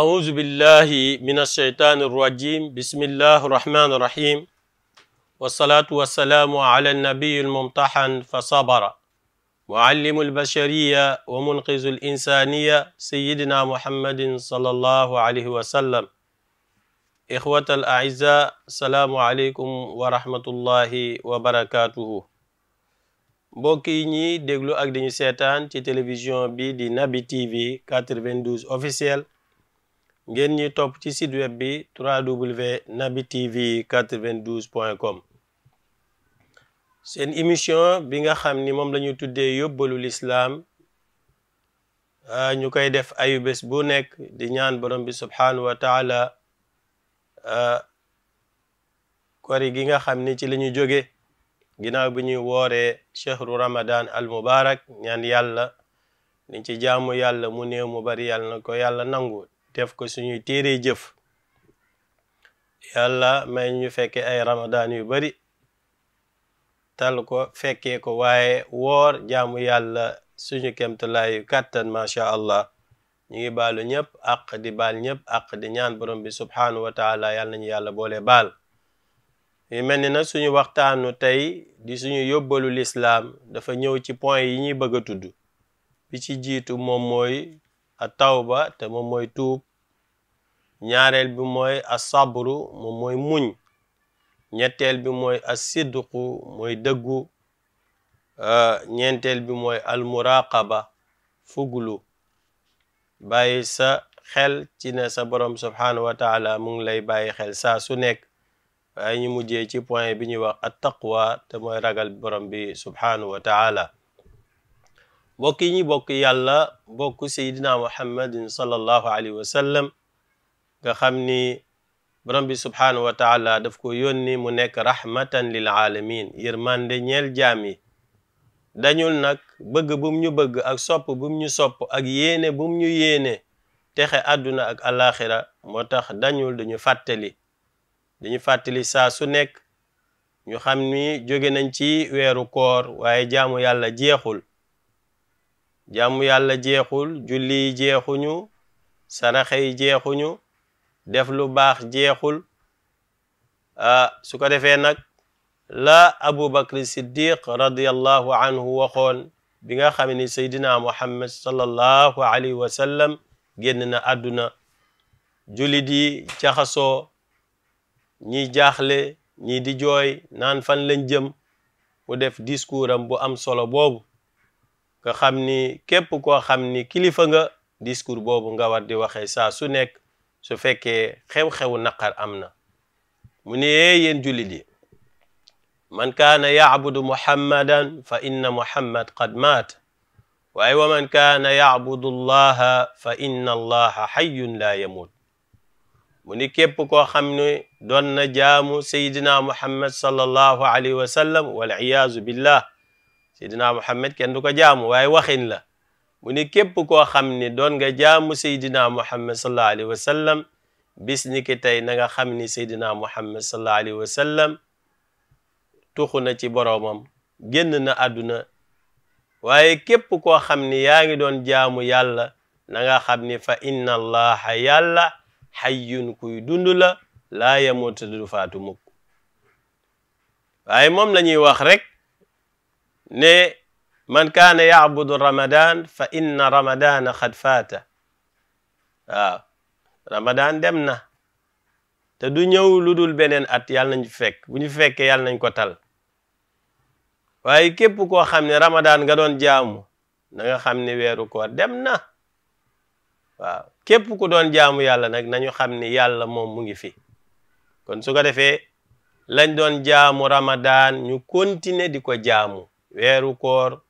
أعوذ بالله من الشيطان الرجيم بسم الله الرحمن الرحيم والصلاة والسلام على النبي الممتحن فصبر معلم البشرية ومنقذ الإنسانية سيدنا محمد صلى الله عليه وسلم إخوة الأعزاء السلام عليكم ورحمة الله وبركاته mbokk yi ñiy déglu ak dañu seetaan ci télévision bi di Naby TV 92 officiel ngeen ñi topp ci site web bi www.nabitv 92 point com seen émission bi nga xam ni moom la tuddee yóbbalu lislaam ñu koy def ayu bés bu nekk di ñaan borom bi subhaanahu wa taala kori gi nga xam ni ci la jóge ginnaaw bi ñuy wooree chehru ramadan al mubarak ñaan yàlla liñ ci jaamu yàlla mu néew mu bari yàlla na ko yàlla nangu def ko suñuy téere jëf yàlla may ñu fekk ay ramadaan yu bari tal ko fekkee ko waaye woor jaamu yàlla suñu kemtalaayu kàttan macha allah ñu ngi baalu ñëpp àq di baal ñëpp àq di ñaan borom bi subhaanahu wa yàlla nañu yàlla boole baal yu mel ni na suñu waxtaanu tey di suñu yóbbalu lislaam dafa ñëw ci point yi ñuy bëgg a tudd bi ci jiitu moom mooy a tawba te moom mooy tuub ñaareel bi mooy asabru moom mooy muñ ñetteel bi mooy asidqu mooy dëggu euh, ñenteel bi mooy almuraqaba fuglu bàyyi sa xel ci ne sa borom subhaanahu wa taala mu ngi lay bàyyi xel saa su nekk waaye ñu mujjee ci point bi ñuy wax at taqwa te mooy ragal borom bi subhaanahu wa taala bokk yi ñu bokk yàlla bokk seydina muhammadin sallallahu alayhi wa nga xam ni borom bi subhaanahu wa daf ko yónni mu nekk rahmatan lil aalamin yërmande ñeel jaam yi dañul nag bëgg bum ñu bëgg ak sopp bum ñu sopp ak yéene bum ñu yéene texe àdduna ak alaxira moo tax dañul dañu fàttali dañu fàttali saa su nekk ñu xam ni jóge nañ ci weeru koor waaye jaamu yàlla jeexul jaamu yàlla jeexul julli yi jeexuñu saraxe yi jeexuñu def lu baax jeexul su ko defee nag la abubakar siddiq radiallahu anhu waxoon bi nga xam ni seydina muhammad sallallahu alayhi wa sallam génn na àdduna jullit yi jaxasoo ñi jaaxle ñi di jooy naan fan lañ jëm mu def discours am bu am solo boobu nga xam ni képp koo xam ni kilifa nga discours boobu nga war di waxee saa su nekk su fekkee xew-xewu naqar am na mu ne yéen jullit yi man kaana yacbudu muhammadan fa inna muhammad qad maat waaye wa man kaana yacbudu allaha fa inna allaha xayyun laa yamuut mu ni képp koo xam ne doon na jaamu sayidina muhammad sallallahu alayhi wa sallam wal iyaazu billah sayidina muhammad kenn du ko jaamu waaye waxin la mu ni képp koo xam ni doon nga jaamu seydina muhammad sallallahu alayhi wa sallam bis ni ki tey na nga xam ni seydina muhammad sallallahu alayhi wa sallam tuxu na ci boroomam génn na àdduna waaye képp koo xam ni yaa ngi doon jaamu yàlla na nga xam ni fa inna allaha yàlla xayyun kuy dund la laa yamutu du moom la ñuy wax rek man kaana yacbudu ramadan fa inna ramadana xad faata waaw dem na te du ñëw lu dul beneen at yàlla nañ fekk bu ñu fekkee yàlla nañ ko tal waaye képp koo xam ne ramadaan nga doon jaamu na nga xam ne weeru koor dem na waaw képp ku doon jaamu yàlla nag nañu xam ni yàlla moom mu ngi fi kon su ko defee lañ doon jaamu ramadaan ñu continuer di ko jaamu weeru koor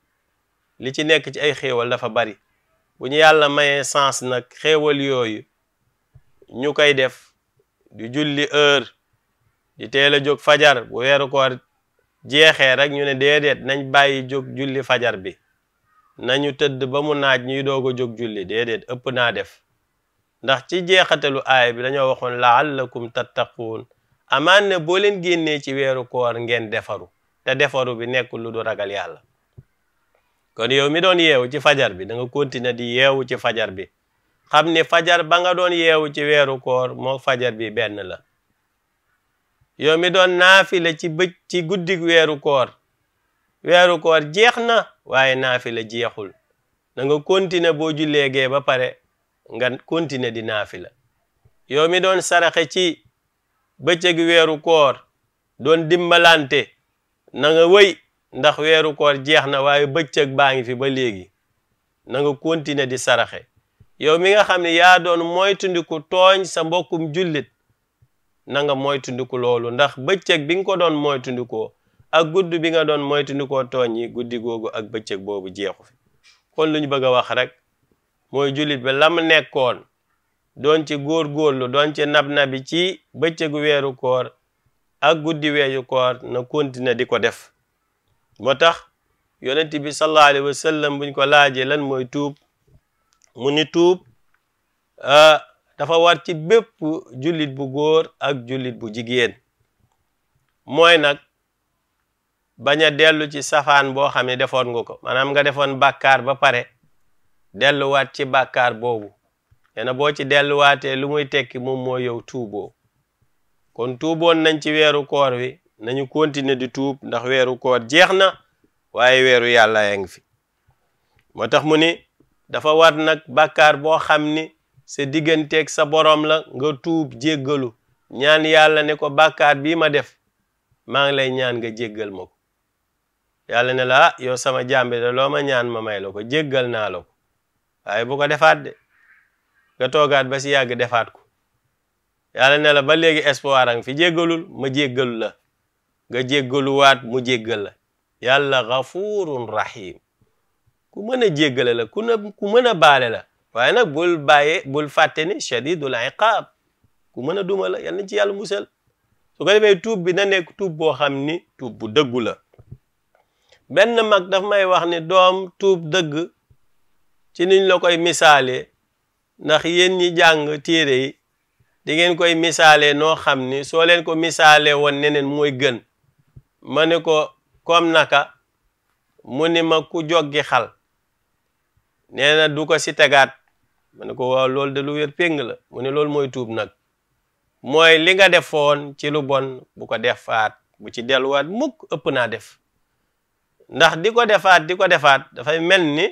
li ci nekk ci ay xéewal dafa bari bu ñu yàlla mayee sens nag xéewal yooyu ñu koy def di julli heure di teel a jóg fajar bu weeru koor jeexee rek ñu ne déedéet nañ bàyyi jóg julli fajar bi nañu tëdd ba mu naaj ñuy doog a jóg julli déedéet ëpp naa def ndax ci jeexatalu aay bi dañoo waxoon la laallakum tattaquun amaan na boo leen génnee ci weeru koor ngeen defaru te defaru bi nekkul lu du ragal yàlla kon yow mi doon yeewu ci fajar bi da nga di yeewu ci fajar bi xam ni fajar ba nga doon yeewu ci weeru koor moo fajar bi benn la yow mi doon naafila ci bëj ci guddig weeru koor weeru koor jeex na waaye naafila jeexul na nga continuer boo jullee gee ba pare nga continuer di naafila yow mi doon saraxe ci bëccëg weeru koor doon dimbalante na nga ndax weeru koor jeex na waaye bëccëg baa ngi fi ba léegi na nga continuer di saraxe yow mi nga xam ne yaa doon moytundiku tooñ sa mbokkum jullit nanga nga moytundiku loolu ndax bëccëg bi nga ko doon moytundikoo ak gudd bi nga doon moytundikoo tooñ guddi googu ak bëccëg boobu jeexu fi kon lu ñu bëgg a wax rek mooy jullit ba lam nekkoon doon ci góor-góorlu doon ci nab-nabi ci bëccëgu weeru koor ak guddi weeru koor na continuer di ko def moo tax yonent bi sallallahu alayhi wa buñ ko laajee lan mooy tuub mu ni tuub dafa war ci bépp jullit bu góor ak jullit bu jigéen mooy nag bañ a dellu ci safaan boo xam ne defoon nga ko maanaam nga defoon bàkkaar ba pare delluwaat ci bakkaar boobu nee boo ci delluwaatee lu muy tekki moom moo yow tuuboo kon tuuboon nañ ci weeru koor wi nañu continuer di tuub ndax weeru koor jeex na waaye weeru yàlla yaa ngi fi moo tax mu ni dafa war nag bàkkaar boo xam ni sa digganteek sa boroom la nga tuub jéggalu ñaan yàlla ne ko bàkkaar bii ma def maa ngi lay ñaan nga jéggal ma ko yàlla ne la ah yow sama jàmbi de loo ma ñaan ma may la ko jéggal naa la ko waaye bu ko defaat de nga toogaat ba si yàgg defaat ko yàlla ne la ba léegi espoir fi jéggalul ma jéggalu la nga jéggaluwaat mu jéggal la yàlla gafurun rahim ku mën a jéggale la ku na ku mën a baale la waaye nag bul bàyyee bul fàtte ni shadidul iqaab ku mën a duma la yal na ci yàlla musal su ko defee tuub bi na nekk tuub boo xam ni tuub bu dëggu la benn mag daf may wax ni doom tuub dëgg ci niñ la koy misaale ndax yéen ñi jàng téere yi di ngeen koy misaale noo xam ni soo leen ko misaale woon neneen mooy gën ma ne ko kom naka mu ni ma ku joggi xal nee na du ko si tegaat ma ne ko waaw loolu de lu wér peng la mu ne loolu mooy tuub nag mooy li nga defoon ci lu bon bu ko defaat bu ci delluwaat mukk ëpp naa def ndax di ko defaat di ko defaat dafay mel ni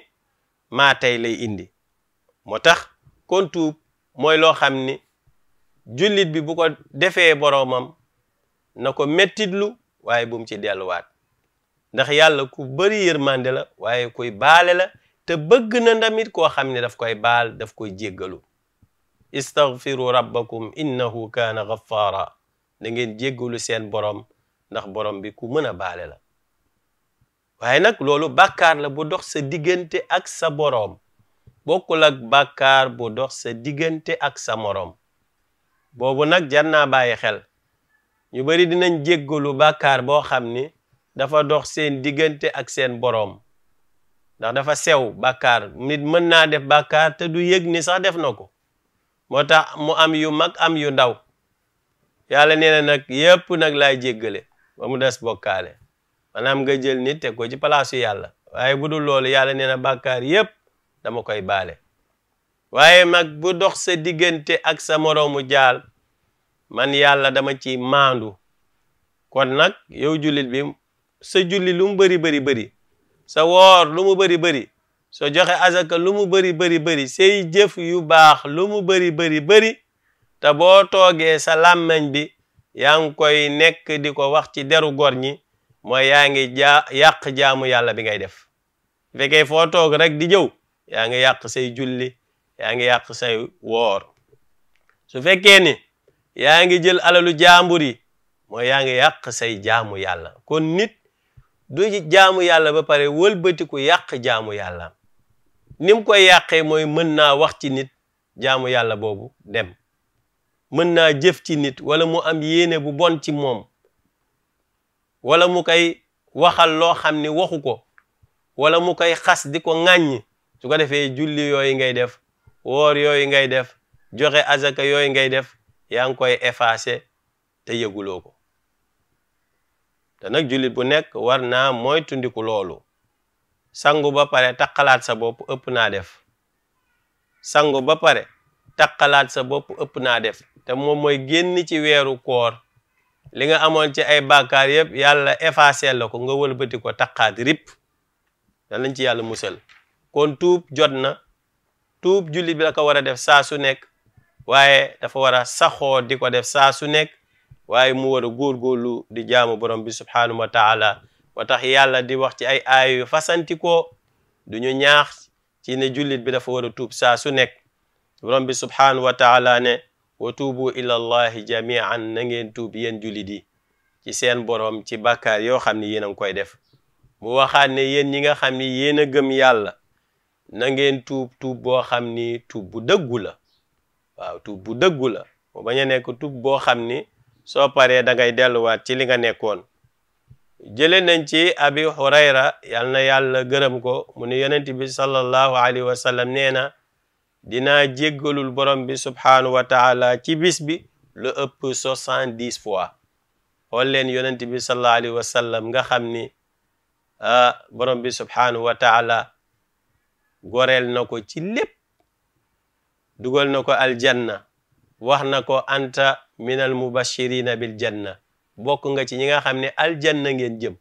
maa tey lay indi moo tax kon tuub mooy loo xam ni jullit bi bu ko defee boroomam na ko mettitlu waaye bu mu ci delluwaat ndax yàlla ku bari yërmande la waaye kuy baale la te bëgg na ndamit koo xam ne daf koy baal daf koy jéggalu istaghfiru rabbakum innahu kaana ghaffara da ngeen jéggalu seen borom ndax borom bi ku mën a baale la waaye nag loolu bàkkaar la bu dox sa diggante ak sa boroom bokkul ak bàkkaar bu dox sa diggante ak sa moroom boobu nag jar naa bàyyi xel ñu bari dinañ jéggalu bàkkaar boo xam ni dafa dox seen diggante ak seen boroom ndax dafa sew bàkkaar nit mën naa def bàkkaar te du yëg ni sax def na ko moo tax mu am yu mag am yu ndaw yàlla nee na nag yépp nag laay jéggale ba mu des bokkaale maanaam nga jël nit teg ko ci palaasu yàlla waaye bu dul loolu yàlla nee na bàkkaar yépp dama koy baale waaye mag bu dox sa diggante ak sa moroomu jaal man yàlla dama ci maandu kon nag yow jullit bi sa julli lu mu bëri bëri sa woor lumu mu bëri sa joxe azaka lu mu bari bari bëri say jëf yu baax lu mu bari bari bëri te boo toogee sa làmmiñ bi yaa ngi koy nekk di ko wax ci deru gor ñi mooy yaa ngi yàq jaamu yàlla bi ngay def fekkee foo toog rek di jëw yaa ngi yàq say julli yaa ngi yàq say woor su fekkee ni yaa ngi jël alalu jaambur yi mooy yaa ngi yàq say jaamu yàlla kon nit du jaamu yàlla ba pare wëlbatiku yàq jaamu yàlla nim koy yàqee mooy mën naa wax ci nit jaamu yàlla boobu dem mën naa jëf ci nit wala mu am yéene bu bon ci moom wala mu koy waxal loo xam ni waxu ko wala mu koy xas di ko ŋàññ su ko defee julli yooyu ngay def woor yooyu ngay def joxe azaka yooyu ngay def yaa ngi koy effacer te yëguloo ko te nag jullit bu nekk war naa mooy tundiku loolu sangu ba pare taqalaat sa bopp ëpp naa def sangu ba pare taqalaat sa bopp ëpp naa def te moom mooy génn ci weeru koor li nga amoon ci ay bàkkaar yëpp yàlla effacer la ko nga wëlbati ko taqaat rip danañ ci yàlla musal kon tuub jot na tuub jullit bi la ko war a def saa su nekk waaye dafa war a saxoo di ko def saa su nekk waaye mu war a góorgóorlu di jaamu borom bi subhaanahu wa taala moo tax yàlla di wax ci ay aaya yu fasantikoo du ñu ñaax ci ne jullit bi dafa war a tuub saa su nekk borom bi subhaanahu wa taala ne wa tuubu ila allahi jamian na ngeen tuub yéen jullit yi ci seen borom ci bàkkaar yoo xam ne yéen a ngi koy def mu waxaat ne yéen ñi nga xam ni yéen a gëm yàlla na ngeen tuub tuub boo xam ni tuub bu dëggu la waaw tuub bu dëggu la mu nekk tuub boo xam ni soo paree dangay ngay delluwaat ci li nga nekkoon jële nañ ci abi hurayra yal na yàlla gërëm ko mu ne yonent bi sallallahu alayhi wa sallam nee na dinaa jéggalul borom bi subhaanahu wa taala ci bis bi lu ëpp soixante dix fois xool leen yonent bi sallallahu wa sallam nga xam ni ah, borom bi subhaanahu wa taala goreel na ko ci lépp dugal na ko aljanna wax na ko anta minal mubashirina bil janna bokk nga ci ñi nga xam ne aljanna ngeen jëm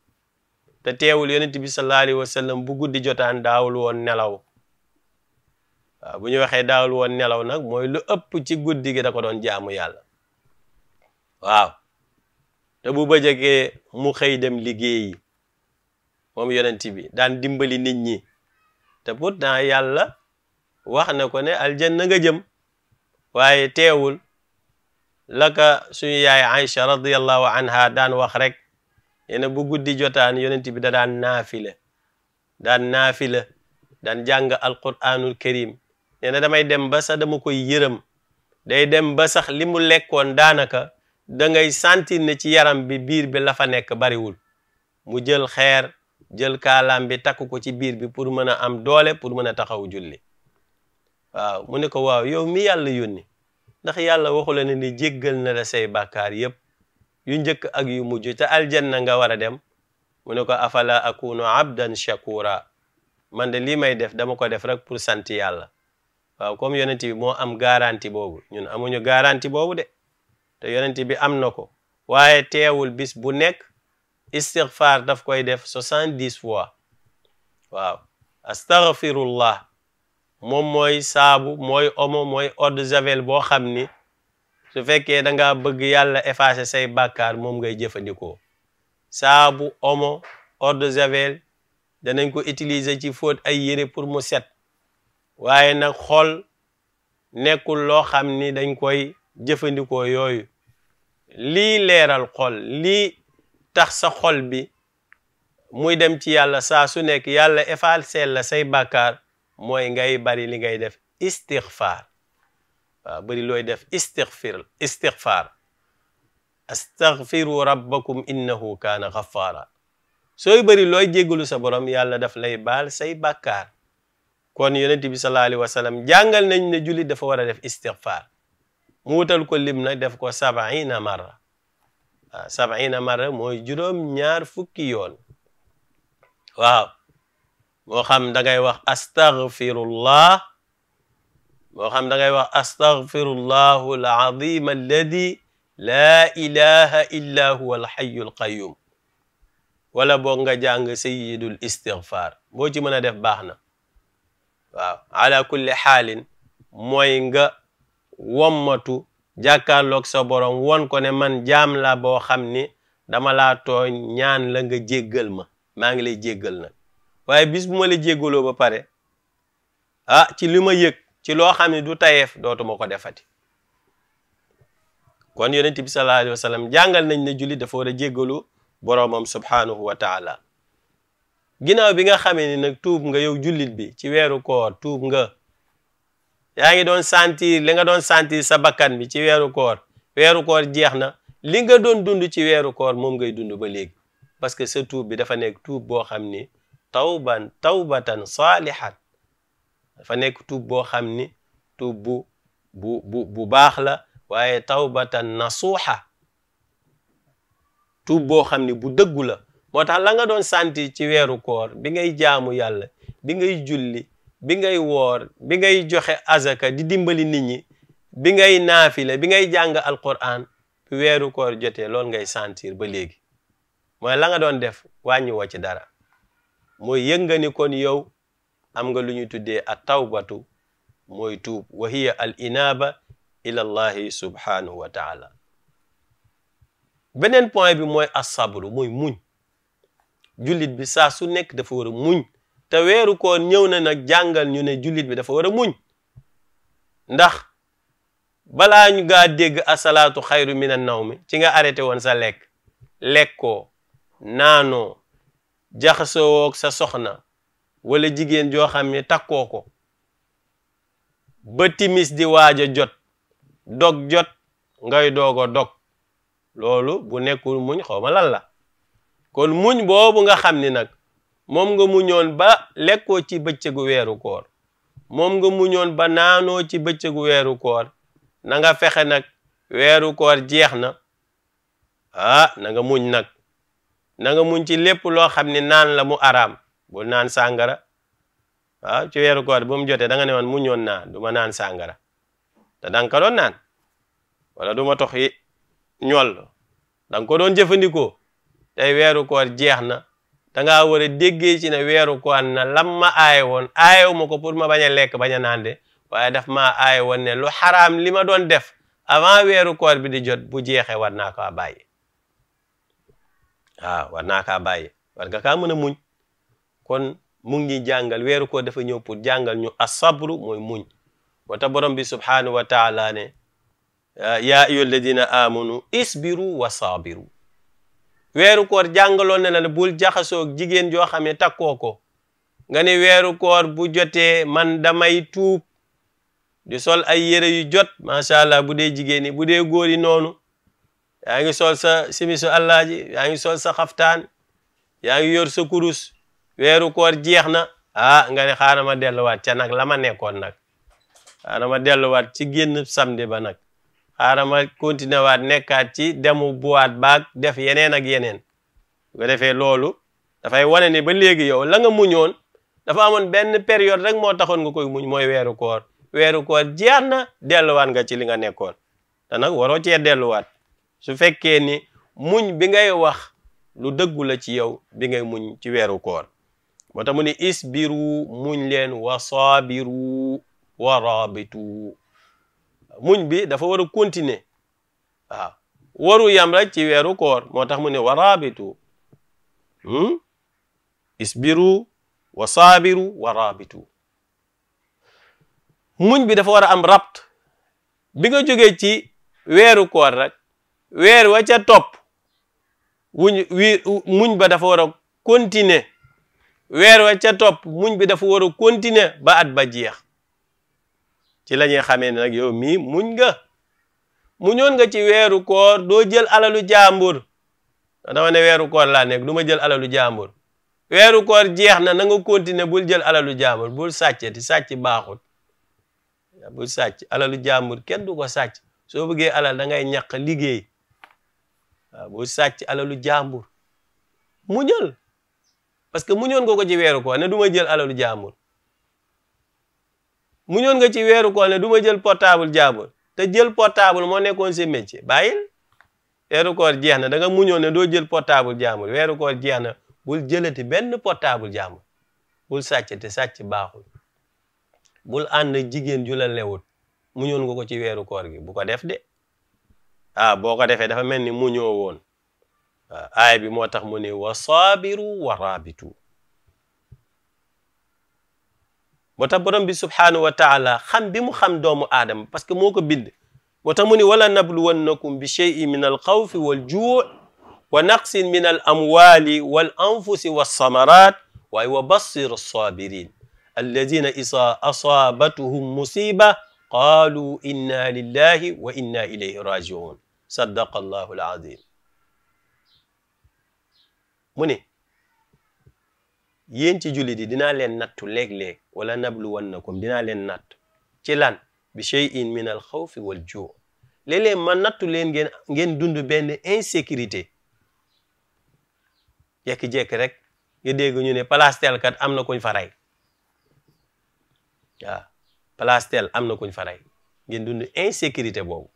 te teewul yonent bi sallallahu alayhi wa bu guddi jotaan daawul woon nelaw waaw bu ñu waxee daawul woon nelaw nag mooy lu ëpp ci guddi gi da ko doon jaamu yàlla waaw te bu bëjëgee mu xëy dem liggéeyi moom yonent bi daan dimbali nit ñi te pourtant wax na ko ne aljanna nga jëm waaye teewul laka suñu yaay Aïcha radiallahu anha daan wax rek ne bu guddi jotaan yonent bi da daan naafila daan naafila daan jàng alquranul karim nee na damay dem ba sax dama koy yërëm day dem ba sax li mu lekkoon daanaka da ngay sentir ne ci yaram bi biir bi la fa nekk bariwul mu jël xeer jël kaalaam bi takk ko ci biir bi pour mën a am doole pour mën a taxaw julli waaw mu ne ko waaw yow mi yàlla yónni ndax yàlla waxu la ne ni jéggal na la say bàkkaar yépp yu njëkk ak yu mujj te aljanna nga war a dem mu ne ko afala akunu abdan shakura man de lii may def dama ko def rek pour sant yàlla waaw comme yonent bi moo am garantie boobu ñun amuñu garantie boobu de te yonent bi am na ko waaye teewul bis bu nekk istighfar daf koy def soixante-dix fois waaw astaghfirullah moom mooy saabu mooy omo mooy eau de javel boo xam ni su fekkee da bëgg yàlla effacer say bàkkaar moom ngay jëfandikoo saabu omo eau javel danañ ko utiliser ci fóot ay yére pour mu set waaye nag xol nekkul loo xam ni dañ koy jëfandikoo yooyu lii leeral xol lii tax sa xol bi muy dem ci yàlla saa su nekk yàlla effacer la say bàkkaar mooy ngay bari li ngay def istixfaar bari looy def istixfir istixfaar astaghfiru rabbakum innahu kaana ghaffara sooy bari looy jéggalu sa borom yàlla def lay baal say bàkkaar kon yonent bi sallallahu alayhi wa sallam jàngal nañ ne jullit dafa war a def istixfaar mu ko lim nag def ko sabaina marra waaw mooy juróom ñaar fukki yoon moo xam da ngay wax astaghfirullah moo xam da ngay wax astaghfirullahu alazim alladi laa ilaha illa huwa alxayu alqayum wala boog nga jàng sayidul istighfar boo ci mën a def baax na waaw ala kulli xaalin mooy nga wommatu jàkkaarloog sa borom won ko ne man jaam la boo xam ni dama laa tooñ ñaan la nga jéggal ma maa ngi lay jéggal nag waaye bis bu ma la jéggaloo ba pare ah ci li ma yëg ci loo xam ne du tayeef dootuma ko defati kon yonent bi sallallahu alayhi wa sallam jàngal nañ ne jullit dafa war a jéggalu boroomam subhaanahu wa taala ginnaaw bi nga xamee ni nag tuub nga yow jullit bi ci weeru koor tuub nga yaa ngi doon sentir li nga doon sentir sa bakkan bi ci weeru koor weeru koor jeex na li nga doon dund ci weeru koor moom ngay dund ba léegi parce que sa tuub bi dafa nekk tuub boo xam ni tawban tawbatan saalihan dafa nekk tuub boo xam ni tuub bu bu baax la waaye tawbatan nasuuxa tub boo xam ni bu dëggu la moo tax la nga doon santi ci weeru koor bi ngay jaamu yàlla bi ngay julli bi ngay woor bi ngay joxe azaka di dimbali nit ñi bi ngay naafile bi ngay jàng alquran bi weeru koor jotee loolu ngay sentir ba léegi mooy la nga doon def wàññi woo ci dara mooy yëg nga ni kon yow am nga lu ñuy tuddee at tawbatu mooy tuub wa hiya al ila allahi subhanahu wa taala beneen point bi mooy asabru mooy muñ jullit bi saa su nekk dafa war a muñ te weeru koor ñëw na nag jàngal ñu ne jullit bi dafa war a muñ ndax balaa ñu gaa dégg asalaatu xayru min an nawmi ci nga arrêté woon sa lekk lekkoo naanoo jaxasoo sa soxna wala jigéen joo xam ne takkoo ko ba timis di waaj a jot dog jot ngay doog a dog loolu bu nekkul muñ xaw ma lan la kon muñ boobu nga xam ni nag moom nga muñoon ba lekkoo ci bëccëgu weeru koor moom nga muñoon ba naanoo ci bëccëgu weeru koor nanga fexe nag weeru koor jeex na ah na nga muñ nag na nga muñ ci lépp loo xam ne naan la mu araam bul naan sàngara waaw ci weeru koor bu mu jotee da nga ne woon muñoon naa du ma naan sàngara te da nga doon naan wala du ma tox yi ñoll da nga ko doon jëfandikoo weeru koor jeex na da ngaa war a ne weeru koor na lam ma aaye woon aaye wu ma ko pour ma bañ a lekk bañ a naan de waaye daf ma aaye woon ne lu xaraam li ma doon def avant weeru koor bi di jot bu jeexee war naa ko bàyyi waaw ah, war naa kaa bàyyi war nga kaa mën muñ kon mu ngi jàngal weeru ko dafa ñëw pour jàngal ñu asabru mooy muñ moo borom bi subhaanahu wa taala ne ah, yaa ayyuha alladina amanu isbiru wa sabiru weeru koor jàngaloon ne la ne bul jaxasoog jigéen joo xam ne takkoo ko nga ne weeru koor bu jotee man damay tuub di sol ay yére yu jot macha allah bu dee jigéen ñi bu dee góor yi noonu yaa ngi sol sa simisu àllaaji yaa ngi sol sa xaftaan yaa ngi yor sa kurus weeru koor jeex na ah nga ne xaaral ma delluwaat ca nag la ma nekkoon nag xaaral ma delluwaat ci génn samedi ba nag xaaral ma continuer waat nekkaat ci demu buwaat baag def yeneen ak yeneen bu defee loolu dafay wane ni ba léegi yow la nga muñoon dafa amoon benn période rek moo taxoon nga koy muñ mooy weeru koor weeru koor jeex na delluwaat nga ci li nga nekkoon nag waroo cee delluwaat su fekkee ni muñ bi ngay wax lu dëggu la ci yow bi ngay muñ ci weeru koor moo tax mu ne isbiru muñ leen wa saabiru wa raabitu muñ bi dafa war a continuer waaw waru yam rek ci weeru koor moo tax mu ne wa raabitu hmm? isbiru wa saabiru wa raabitu muñ bi dafa war a am rabt bi nga jógee ci weeru koor rek weer wa ca topp wuñ wi muñ ba dafa wara a weer wa ca topp muñ bi dafa war a continuer ba at ba jeex ci la ñuy xamee ne nag yow mii muñ nga muñoon nga ci weeru koor doo jël alalu jàmbur dama ne weeru koor laa nekk du ma jël alalu jàmbur weeru koor jeex na na nga continuer bul jël alalu jàmbur bul sàccati sàcc baaxul bul sàcc alalu jàmbur kenn du ko sàcc soo bëggee alal da ngay ñàq liggéey waaw boo sàcc alalu jàmbur muñal parce que muñoon nga ko ci weeru koor ne du jël alalu jàmbur muñoon nga ci weeru koor ne du ma jël portable jàmbur te jël portable moo nekkoon sa métier bàyyil weeru koor jeex na da muñoon ne doo jël portable jàmbur weeru koor jeex na bul jëlati benn portable jàmbur bul sàcc te sàcc baaxul bul ànd jigéen ju la lewut muñoon nga ko ci weeru koor gi bu ko def de ah boo ko defee dafa mel ni mu ñoo woon waaw ah, aaya bi moo tax mu ne wa saabiru wa raabitu moo tax borom bi subhaanahu wa taala xam bi mu xam doomu aadama parce que moo ko bind moo tax mu ne wala nabluwannakum bi cheyin min al xawfi wal juu wa naqsin min al amwali wal anfusi walsamarat waaye wa bassir alsabirin alladina isa asabatuhum musiba qaalu inna lillahi wa inna ilayhi rajiun saddaqa allahu alazim mu ne yéen ci jullit yi dinaa leen nattu léeg-léeg wala nabluwannakum dinaa leen natt ci lan bi shay'in min al xawfi wal juu léeg ma nattu leen ngeen ngeen dund benn insécurité jekki-jekki rek nga dégg ñu ne place tel am na kuñ fa rey place teel am na kuñ fa rey ngeen dund insécurité boobu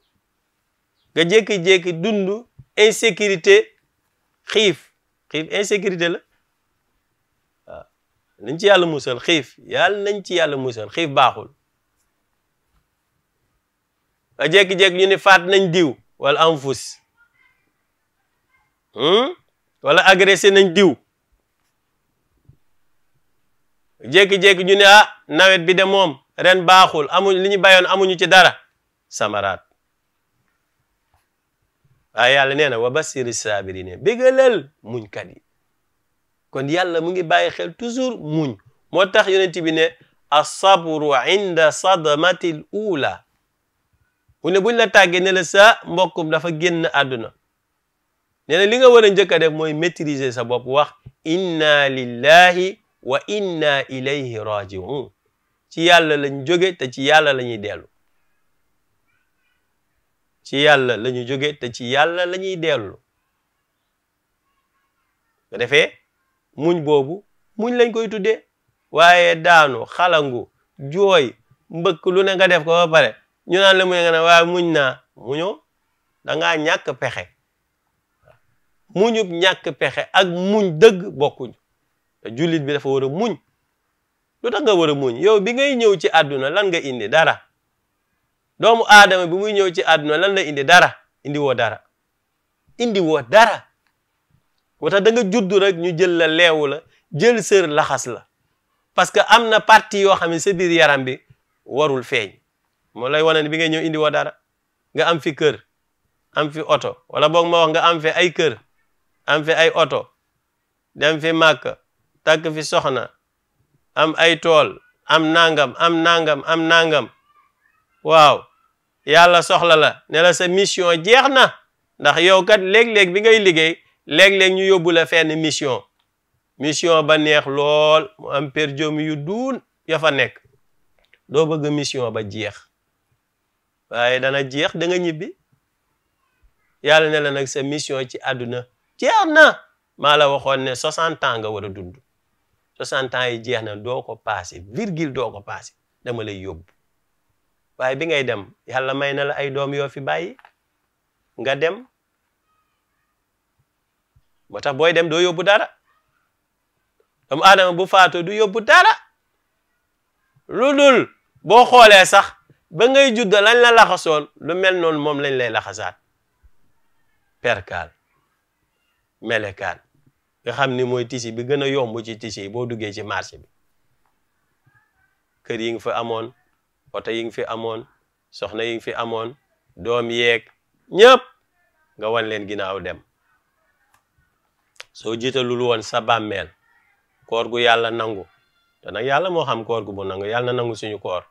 nga jékki-jékki dund insécurité xiif xiif insécurité la waaw ci yàlla musal xiif yàlla nañ ci yàlla musal xiif baaxul nga jékki-jékki ñu ne faat nañ diw wala anfus hmm? wala agressé nañ diw jékki-jékki ñu ne ah nawet bi de moom ren baaxul amuñ li ñu bayoon amuñu ci dara samaraat waaye yàlla nee na wa basiri saabirine bégalal muñkat yi kon yàlla mu ngi bàyyi xel toujours muñ moo tax yonent bi ne a inda sadamati l ula mu ne buñ la tàggee ne la sa mbokkum dafa génn àdduna nee li nga war a njëkk a def mooy maîtriser sa bopp wax inna lillahi wa inna ilayhi rajiun ci yàlla lañ jóge te ci yàlla la ñuy dellu ci yàlla la jóge te ci yàlla la ñuy dellu bu defee muñ boobu muñ lañ koy tuddee waaye daanu xalangu jooy mbëkk lu ne nga def ko ba pare ñu naan la muñ nga ne waaye muñ naa muñoo da ngaa ñàkk pexe muñub ñàkk pexe ak muñ dëgg bokkuñ te jullit bi dafa war a muñ lu tax nga war a yow bi ngay ñëw ci àdduna lan nga indi dara doomu aadama bi muy ñëw ci àdduna lan la indi dara indi woo dara indi woo dara moo danga da nga judd rek ñu jël la leewula jël sër laxas la parce que am na partie yoo xam ne sa biir yaram bi warul feeñ moo lay wane ne bi ngay ñëw indi woo dara nga am fi kër am fi oto wala boog ma wax nga am fi ay kër am fi ay oto dem fi màkk takk fi soxna am ay tool am nangam am nangam am nangam waaw yàlla soxla la ne la sa mission jeex na ndax yow kat léeg-léeg bi ngay liggéey léeg-léeg ñu yóbbu la fenn mission mission ba neex lool am perjomi yu duun ya fa nekk doo bëgg mission ba jeex waaye dana jeex danga nga ñibbi yàlla ne la nag sa mission ci àdduna jeex na maa la waxoon ne soixante ans nga war a soixante ans yi jeex na doo ko passé virgule doo ko passé dama lay yóbbu waaye bi ngay dem yàlla may na la ay doom yoo fi bàyyi nga dem moo tax booy dem doo yóbbu dara doomu aadama bu faatoo du yóbbu dara lu dul boo xoolee sax ba ngay judd lañ la laxasoon lu mel noon moom lañ lay laxasaat perkaal melekaal nga xam ni mooy tisi bi gën a yombu ci tisi yi boo duggee ci marché bi kër yi nga fi amoon oto yi nga fi amoon soxna yi nga fi amoon doom yeeg ñëpp nga wan leen ginnaaw dem soo jiitalul woon sa bàmmeel koor gu yàlla nangu te nag yàlla moo xam koor gu bu nangu yàlla na nangu suñu koor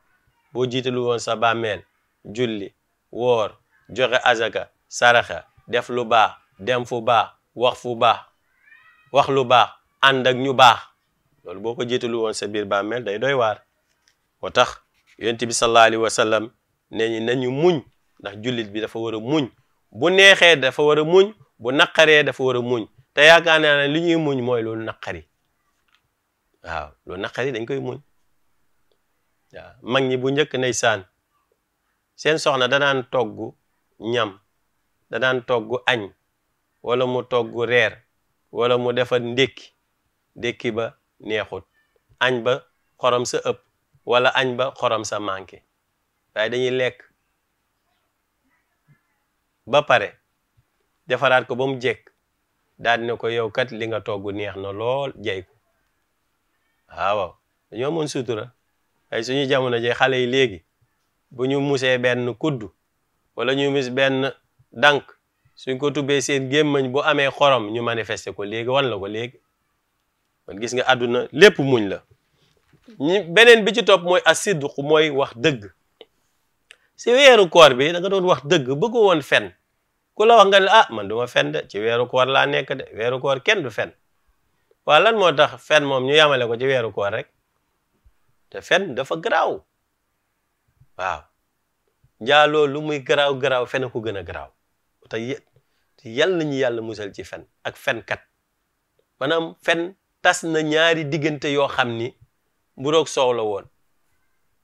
boo jiitalul woon sa bàmmeel julli woor joxe azaka saraxa def lu baax dem fu baax wax fu baax wax lu baax ànd ak ñu baax loolu boo ko jiitalu woon sa biir bàmmeel day doy waar moo tax yonent bi sallallahu alayhi nee ñi nañu muñ ndax jullit bi dafa war a muñ bu neexee dafa war a muñ bu naqaree dafa war a muñ te yaakaar naa ne li ñuy muñ mooy loolu naqari waaw loolu naqari dañ koy muñ waaw mag ñi bu njëkk saan seen soxna danaan toggu ñam danaan toggu añ wala mu togg reer wala mu defar ndékki ndékki ba neexut añ ba xorom sa ëpp wala añ ba xorom sa manke waaye dañuy lekk ba pare defaraat ko ba mu jekk daal dina ko yow kat li nga togg neex na lool jey ko waaw dañoo mën sutura ay suñu jamono ji xale yi léegi bu ñu musee benn kudd wala ñu mus benn dànk suñ ko tubbee seen gémmañ bu amee xorom ñu manifester ko léegi wan la ko léegi kon gis nga àdduna lépp muñ la ñi beneen bi ci topp mooy asidq mooy wax dëgg si weeru koor bi da doon wax dëgg bëgg woon fen ku la wax nga ne ah man du ma fen de ci weeru koor laa nekk de weeru koor kenn du fen waa lan moo tax fen moom ñu yamale ko ci weeru koor rek te fen dafa garaaw waaw njaaloo lu muy garaaw garaaw fen a ko gën a garaaw te yal nañu yàlla musal ci fen ak fenkat maanaam fen tas na ñaari diggante yoo xam ni mburoog soow la woon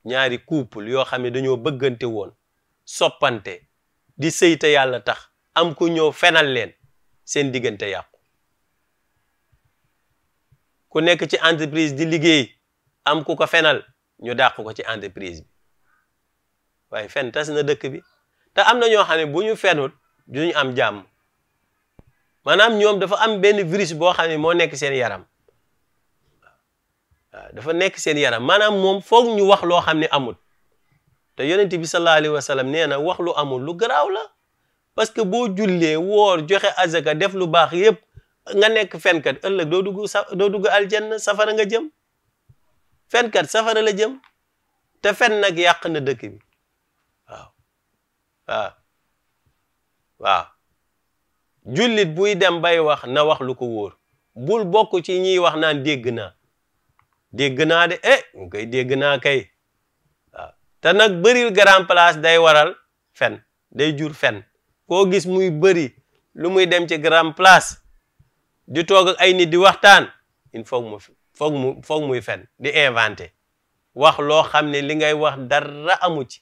ñaari couple yoo xam ne dañoo bëggante woon soppante di sëy te yàlla tax am ku ñëw fenal leen seen diggante yàqu ku nekk ci entreprise di liggéey am ku ko fenal ñu dàq ko ci entreprise bi waaye fen tas na dëkk bi te am na ñoo xam ne bu ñu fenul duñu am jàmm maanaam ñoom dafa am benn virus boo xam ne moo nekk seen yaram dafa nekk seen yaram maanaam moom foog ñu wax loo xam ne amul te yonent bi sallallahu alayhi wa sallam nee na wax lu amul lu garaaw la parce que boo jullee woor joxe azaka def lu baax yépp nga nekk fenkat ëllëg doo dugg doo dugg aljanna safara nga jëm fenkat safara la jëm te fen nag yàq na dëkk bi waaw waaw jullit buy dem bay wax na wax lu ko wóor bul bokk ci ñiy wax naan dégg naa dégg naa de eh mu koy dégg naa kay waaw nag bëril grand place day waral fen day jur fen koo gis muy bëri lu muy dem ci grand place di toog ay nit di waxtaan il faut mu muy fen di inventé wax loo xam ne li ngay wax dara amu ci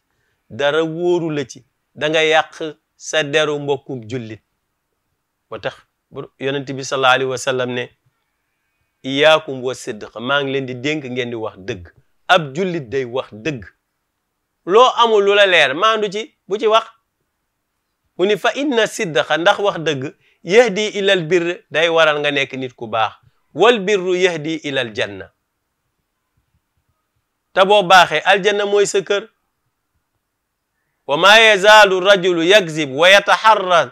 dara wóoru la ci da yàq sa deru mbokkum jullit ba tax yonent bi sallallahu alayhi wa sallam ne iyaakum wa sidq maa ngi leen di dénk ngeen di wax dëgg ab jullit day wax dëgg loo amu lu la leer maandu ci bu ci wax mu ni fa inna sidqa ndax wax dëgg di illal birr day waral nga nekk nit ku baax wal birru yahdi ilal janna te boo baaxee aljanna mooy sa kër wa maa yazaalu rajulu yakzib wa yataharra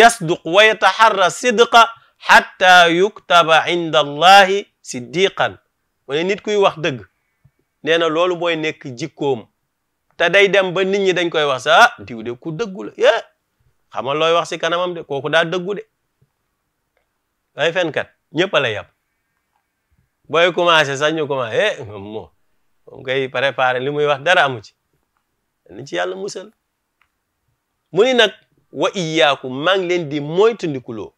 yasduq wa yataharra sidqa xatta yuktaba inda allahi siddiqan mu ne nit kuy wax dëgg nee na loolu booy nekk jikkoom te day dem ba nit ñi dañ koy wax sa ah, diw de ku dëggu la eh, xamal looy wax si kanamam de kooku daa dëggu de ay fenkat ñëpp a lay yab booy commencé sax ñu commencé eh moom moom kay préparé li muy wax dara amu ci nañ ci yàlla musal mu ni nag wa iyyaakum maa ngi leen di moytandikuloo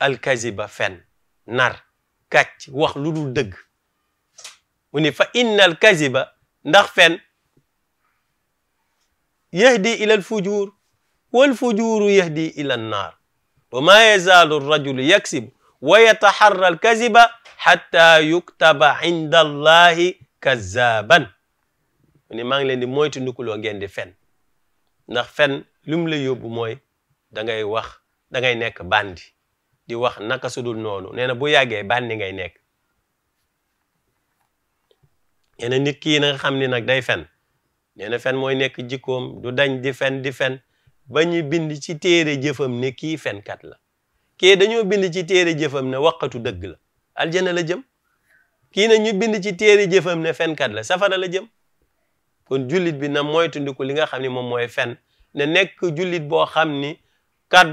alkaziba fen nar kàcc wax lu dul dëgg mu ni fa inna alkaziba ndax fen yahdi ila alfujur wal fujuru yahdi ila annaar wa maa yazaalu rajulu yaksibu wa yataharra alkaziba xatta yuktaba inda allahi kazaaban mu ne maa ngi leen di moytu ndukuloo ngeen di fen ndax fen lu la yóbbu mooy dangay wax dangay ngay nekk bandi di wax naka sudul noonu nee na bu yàggee bandi ngay nekk nee nit kii na nga xam ni nag day fen nee fen mooy nekk jikkoom du dañ di fen di fen ba ñu bind ci téere jëfam ne kii fenkat la kii dañoo bind ci téere jëfam ne waqatu dëgg la aljana la jëm kii na ñu bind ci téere jëfam ne fenkat la safara la jëm kon jullit bi na moytandiku li nga xam ni moom mooy fen ne nekk jullit boo xam ni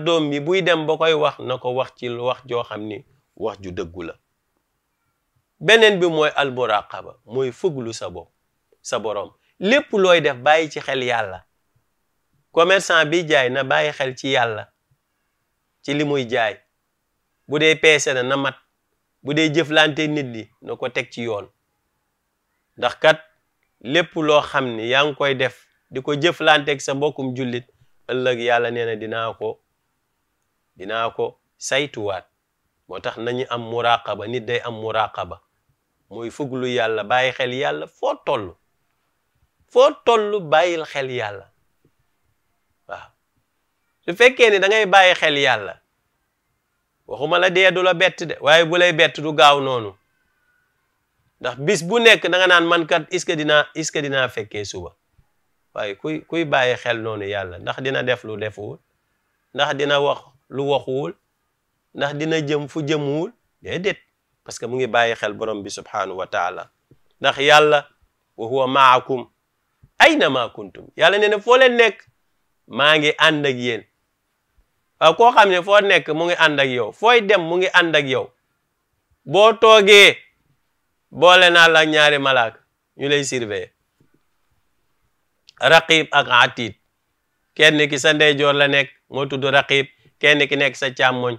doom bi buy dem ba koy wax na ko wax ci wax joo xam ni wax ju dëggu la beneen bi mooy almuraqaba mooy fuglu sa bopp sa boroom lépp looy def bàyyi ci xel yàlla commerçant bi jaay na bàyyi xel ci yàlla ci li muy jaay bu dee peese na na mat bu dee jëflante nit ñi na ko teg ci yoon ndax kat lépp loo xam ni yaa ngi koy def di ko jëflanteeg sa mbokkum jullit ëllëg yàlla nee na dinaa ko dinaa ko saytuwaat moo tax nañu am muraqaba nit day am muraqaba muy lu yàlla bàyyi xel yàlla foo toll foo toll bàyyil xel yàlla waaw su fekkee ni da ngay bàyyi xel yàlla waxuma la dee du la bett de waaye bu lay bett du gaaw noonu ndax bis bu nekk da naan man kat est-ce fekkee suba waaye kuy kuy bàyyi xel noonu yàlla ndax dina def lu defuwul ndax dina wax lu wul ndax dina jëm fu jëmuwul déedéet parce que mu ngi bàyyi xel borom bi subhanahu wa taala ndax yàlla wa huwa maakum ayna ma kuntum yàlla nee na foo nekk maa ngi ànd ak yéen waaw koo xam ne foo nekk mu ngi ànd ak yow fooy dem mu ngi ànd yow boo toogee boole naa la ñaari malaaka ñu lay surveiller raqib ak atid kenn ki sa ndeyjoor la nekk moo tudd raqib kenn ki nekk sa càmmoñ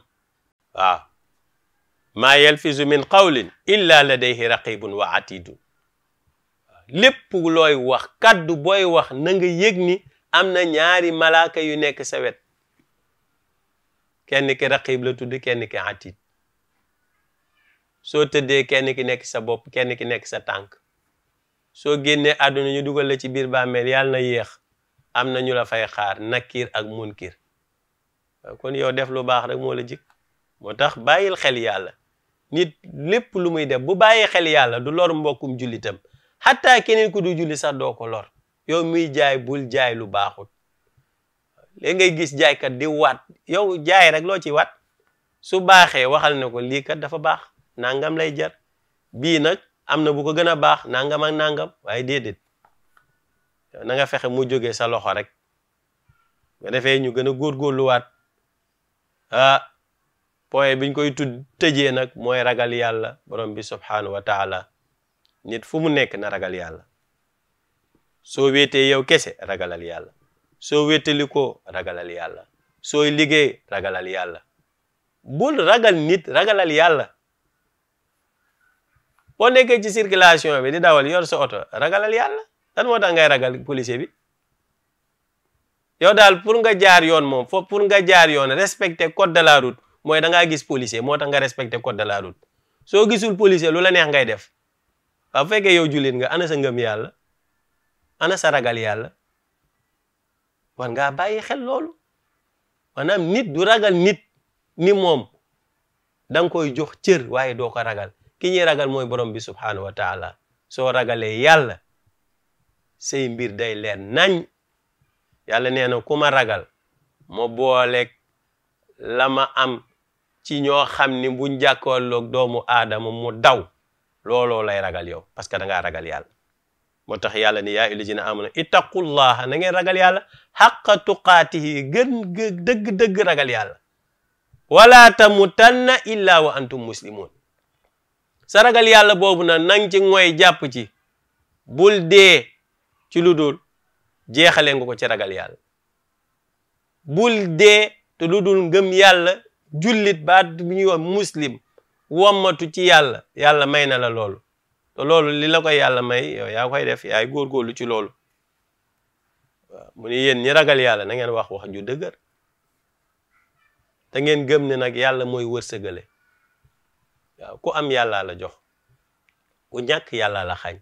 waaw maa yalfizu min qawlin illa ladayhi raqibun wa atidun lépp looy wax kaddu booy wax na nga yëg ni am na ñaari malaaka yu nekk sa wet kenn ki raqib la tudd kenn ki soo tëddee kenn ki nekk sa bopp kenn ki nekk sa tànk soo génnee àdduna ñu dugal la ci biir bàmmeel yàlla na yéex am na ñu la fay xaar nakir ak munkir kon yow def lu baax rek moo la jik moo tax bàyyil xel yàlla nit lépp lu muy def bu bàyyi xel yàlla du lor mbokkum jullitam xataa keneen ku du julli sax doo ko lor yow muy jaay bul jaay lu baaxul léegi ngay gis jaaykat di waat yow jaay rek loo ci wat su baaxee waxal ne ko liikat dafa baax nangam lay jar bii nag am na bu ko gën a baax nangam ak nangam waaye déedéet nanga fexe mu jógee sa loxo rek nga defee ñu gën a góorgóorluwaat ah point biñ koy tudd tëjee nag mooy ragal yàlla borom bi subhaanahu wa taala nit fu mu nekk na ragal yàlla soo yow kese ragalal soo wéetali ko ragalal yàlla sooy liggéey ragalal yàlla bul ragal nit ragalal yàlla boo nekkee ci circulation bi di daawal yor sa oto ragalal yàlla lan moo tax ngay ragal policier bi yow daal pour nga jaar yoon moom fo pour nga jaar yoon respecter code de la route mooy da gis policier moo tax nga respecter code de la route soo gisul policier lu la neex ngay def waaw bu fekkee yow jullit nga ana sa ngëm yàlla ana sa ragal yàlla war ngaa bàyyi xel loolu maanaam nit du ragal nit ni moom dang koy jox cër waaye doo ko ragal ki ñuy ragal mooy borom bi subhaanahu wa taala soo ragalee yàlla say mbir day leer nañ yàlla nee na ku ma ragal ma booleeg la am ci ñoo xam ni buñ jàkkaarloog doomu aadama mu daw looloo lay ragal yow parce que da ragal yàlla moo tax yàlla ne yaa ayyuhallazina amanu ittaqullaha na ngeen ragal yàlla xaqa tuqaatihi gën dëgg-dëgg ragal yàlla wala tamutanna illa wa antum muslimun sa ragal yàlla boobu na nang ci mooy jàpp ci bul dee ci lu dul jeexalee ko ci ragal yàlla bul dee te lu dul ngëm yàlla jullit baat bu ñuy wax muslim wommatu ci yàlla yàlla may na la loolu loolu li la ko yàlla may yow yaa koy def yaay góorgóorlu ci loolu waaw mu ne yéen ñi ragal yàlla na ngeen wax wax ju dëgër te ngeen gëm ne nag yàlla mooy wërsëgale ku am yàllaa la jox ku ñàkk yàllaa la xañ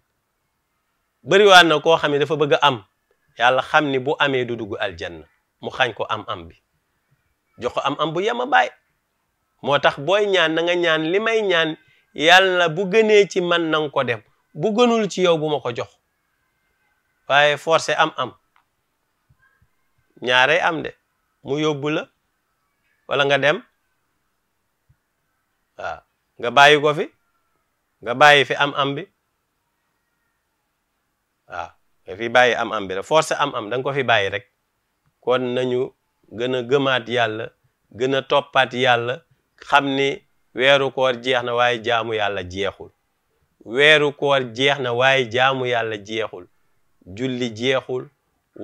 bëriwaan na koo xam ne dafa bëgg a am yàlla xam ni bu amee du dugg aljanna mu xañ ko am-am bi jox am-am bu yama a moo tax booy ñaan na nga ñaan li may ñaan yàlla bu gënee ci man nanga ko dem bu gënul ci yow bu ma ko jox waaye forcé am-am ñaaree am de mu yóbbu la wala nga dem waaw nga bàyyi ko fi nga bàyyi fi am-am bi waaw nga fi bàyyi am-am bi la force am-am da ko fi bàyyi rek kon nañu gën a gëmaat yàlla gën a toppaat yàlla xam ni weeru koor jeex na waaye jaamu yàlla jeexul weeru koor jeex na waaye jaamu yàlla jeexul julli jeexul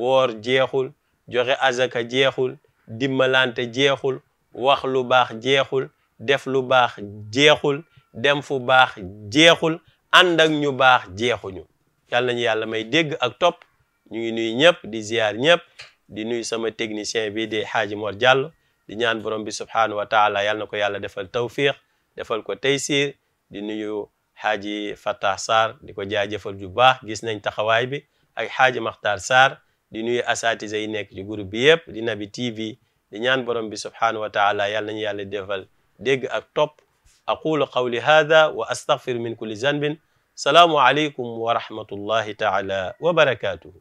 woor jeexul joxe azaka jeexul dimbalante jeexul wax lu baax jeexul def lu baax jeexul dem fu baax jeexul ànd ak ñu baax jeexuñu yàlla nañu yàlla may dégg ak topp ñu ngi nuyu ñëpp di ziar ñëpp di nuyu sama technicien bi di Xaaji Mor Diallo di ñaan borom bi subhaanahu wa taala yàlla na ko yàlla defal tawfiq defal ko taysir di nuyu Xaaji Fattah Sarr di ko jaajëfal ju baax gis nañ taxawaay bi ay Xaaji Makhtar Sarr di nuyu asatise yi nekk ci groupe yëpp di Nabi TV di ñaan borom bi subhaanahu wa taala yàlla nañu yàlla defal dégg ak topp aqulu qawli hada wa astaghfir min kulli zanbin salaamu aleykum wa rahmatullahi taala wa barakaatuhu